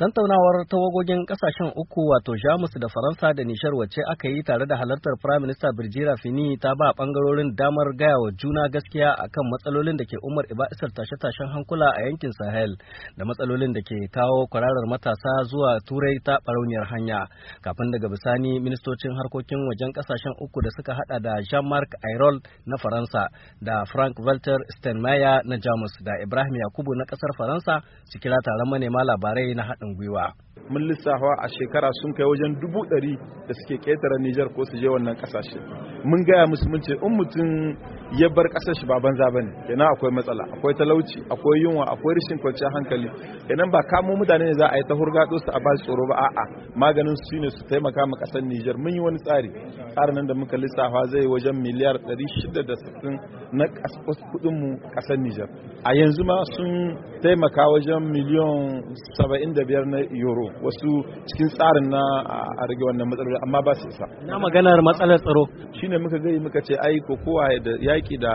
Tantaunawar ta wagogin kasashen uku wato Jamus da Faransa da Nishar wacce aka yi tare da halartar Prime Minister Birjira Fini ta ba bangarorin damar gaya wa juna gaskiya akan matsalolin da ke umar iba'isar tashe-tashen hankula a yankin Sahel da matsalolin da ke kawo kwararar matasa zuwa Turai ta barauniyar hanya. Kafin daga bisani ministocin harkokin wajen kasashen uku da suka hada da Jean-Marc Ayrault na Faransa da Frank Walter Steinmeier na Jamus da Ibrahim Yakubu na kasar Faransa su kira taron manema labarai na haɗin were. mun lissafa a shekara sun kai wajen dubu ɗari da suke ƙetare Nijar ko su je wannan ƙasashe. Mun gaya musu mun ce in mutum ya bar ƙasar shi ba banza ba ne, kenan akwai matsala, akwai talauci, akwai yunwa, akwai rashin kwanciyar hankali. Kenan ba kamo mutane ne za a yi ta hurgaɗo su a ba su tsoro ba a'a maganin su ne su taimaka ma ƙasar Nijar. Mun yi wani tsari, tsarin nan da muka lissafa zai wajen miliyar ɗari shida da sittin na mu ƙasar Nijar. A yanzu ma sun taimaka wajen miliyan saba'in da biyar na euro. wasu cikin tsarin na a rage wannan matsaloli amma ba su isa na maganar matsalar tsaro Shi shine muka gani muka ce ai ko kowa da yaki da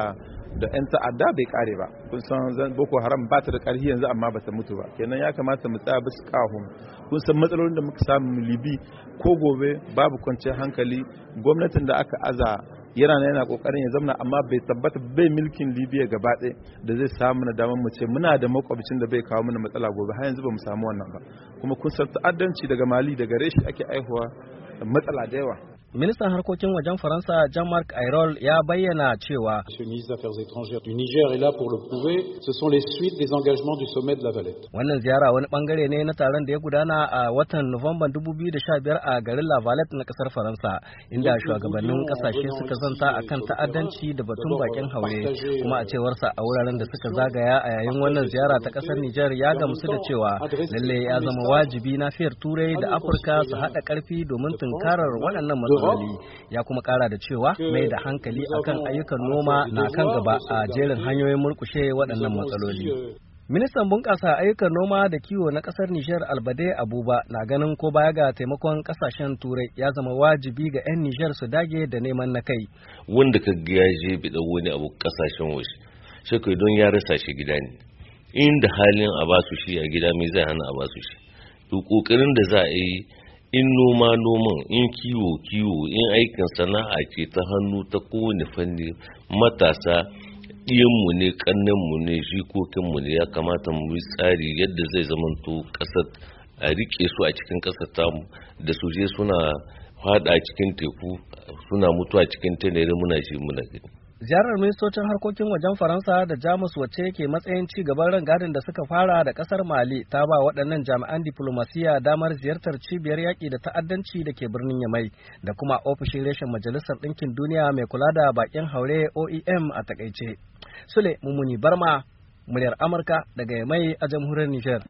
da 'yan ta'adda bai kare ba kun san boko haram ba ta da karhi yanzu amma ba ta mutu ba kenan ya kamata mu tsaya bisa kahun kun san matsalolin da muka samu libi ko gobe babu kwanciyar hankali gwamnatin da aka aza yana na yana kokarin ya zamana amma bai tabbata bai milkin libiya gaba da zai samu na damar mu ce muna da makwabcin da bai kawo mana matsala gobe har yanzu ba mu samu wannan ba kuma kun san ta'addanci daga mali daga reshi ake aihuwa matsala da yawa Ministan harkokin wajen Faransa Jean-Marc Ayrault ya bayyana cewa Wannan ziyara wani bangare ne na taron da ya gudana a watan Nuwamban 2015 a garin La na kasar Faransa inda shugabannin kasashe suka zanta a kan ta'addanci da batun bakin haure kuma a euh, cewarsa a wuraren da suka zagaya a yayin wannan ziyara ta kasar Nijar ya gamsu da cewa lalle ya zama wajibi na nafiyar Turai da Afirka su haɗa ƙarfi domin tunkarar waɗannan matsaloli. ya kuma kara da cewa eh, mai da hankali akan ayyukan noma na kan gaba a jerin hanyoyin murkushe waɗannan matsaloli eh. Ministan bunƙasa ayyukan noma da kiwo na ƙasar Nijar Albade Abuba na ganin ko baya ga taimakon ƙasashen Turai ya zama wajibi ga 'yan Nijar su dage da neman na kai. Wanda ka ga ya je bi wani abu ƙasashen waje, shi don ya rasa shi gida ne. Inda halin a basu shi a gida me zai hana a basu shi. duk ƙoƙarin da za a yi in noma noman in kiwo kiwo in aikin sana'a ce ta hannu ta kowane fanni matasa ɗiyanmu ne ƙannenmu ne jikokinmu ne ya kamata mu yi tsari yadda zai zamanto ƙasar a riƙe su a cikin ƙasar tamu da su suna faɗa cikin teku suna mutuwa cikin tenere muna shi muna gani ziyarar ministocin harkokin wajen faransa da jamus wacce ke matsayin ci gaban rangadin da suka fara da kasar mali ta ba waɗannan jami'an diplomasiya damar ziyartar cibiyar yaƙi da ta'addanci da ke birnin yamai da kuma ofishin reshen majalisar ɗinkin duniya mai kula da baƙin haure oem a takaice sule mumuni barma muryar amurka daga yamai a jamhuriyar niger